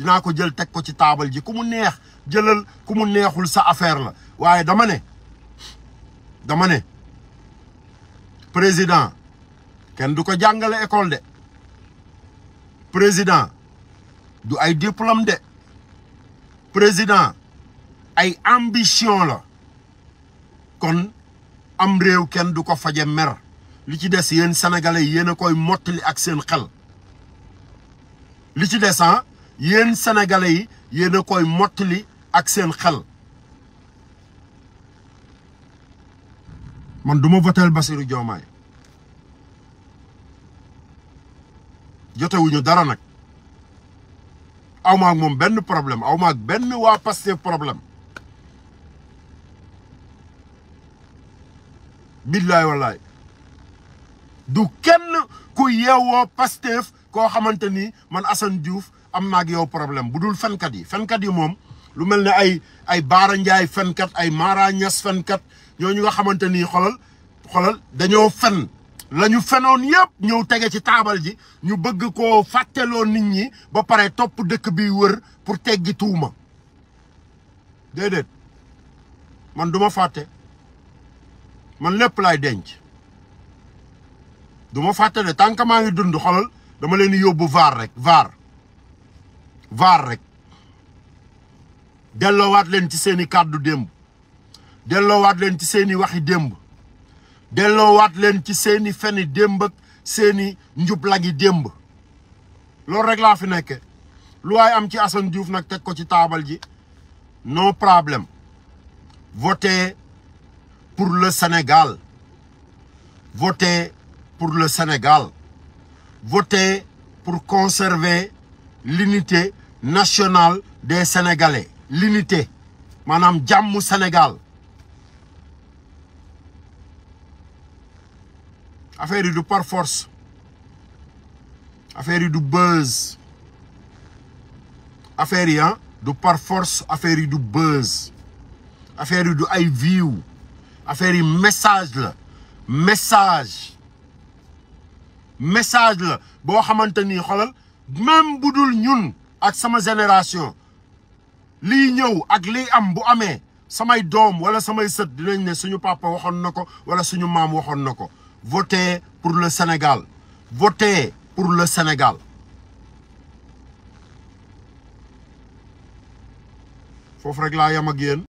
dinaa ko jël teg ko ci taabal ji ku mu neex jëlal ku mu neexul sa affaire la waaye dama ne dama ne président kenn du ko jàngale école de président du ay diplôme de président ay ambition la kon am réew kenn du ko faje mer li ci des yéen sénégalais yéen a koy mottali ak seen xel li ci des ah yéen sénégalais yi yéen a koy mottali ak seen xel. man du ma voteel Bassirou Diomaye jotewuñu dara nag aw ma moom benn problème aw benn waa Pastef problème billaay wallaay du kenn ku yeewoo Pastef koo xamante ni man Assane Diouf am maag yow problème bu dul fenkat yi fenkat yi moom lu mel ne ay ay Baara Ndiaye fenkat ay Mara Niass fenkat ñooñu nga xamante ni xolal xolal dañoo fen lañu fenoon yëpp ñëw tege ci taabal ji ñu bëgg koo fàtteloo nit ñi ba pare topp dëkk bi wër pour teggi tuuma déedéet man duma fàtte man lépp lay denc duma ma fàtte de tant maa ngi dund xolal dama leen di yóbbu vaar rek vaar vaar rek delloowaat leen ci seeni kàddu démb delloowaat leen ci seeni waxi démb delloowaat leen ci seeni feni démb ak seeni njublagi démb loolu rek laa fi nekke lu waay am ci ason Diouf nag teg ko ci taabal ji no problème voter pour le Sénégal voter pour le senegal voté pour conserver l'unité nationale de Sénégalais l'unité maanaam jàmmu Sénégal affaire yi du par affaire yi du buzz affaire yi du parforce affaire yi du buzz affaire yi du ay view affaire yi message la message message la boo xamante ni xoolal même bu dul ñun ak sama génération liy ñëw ak li am bu amee samay doom wala samay sët dinañ ne suñu papa waxoon na ko wala suñu maam waxoon na ko votez pour le Sénégal votez pour le Sénégal foofu rek laa yam ak yéen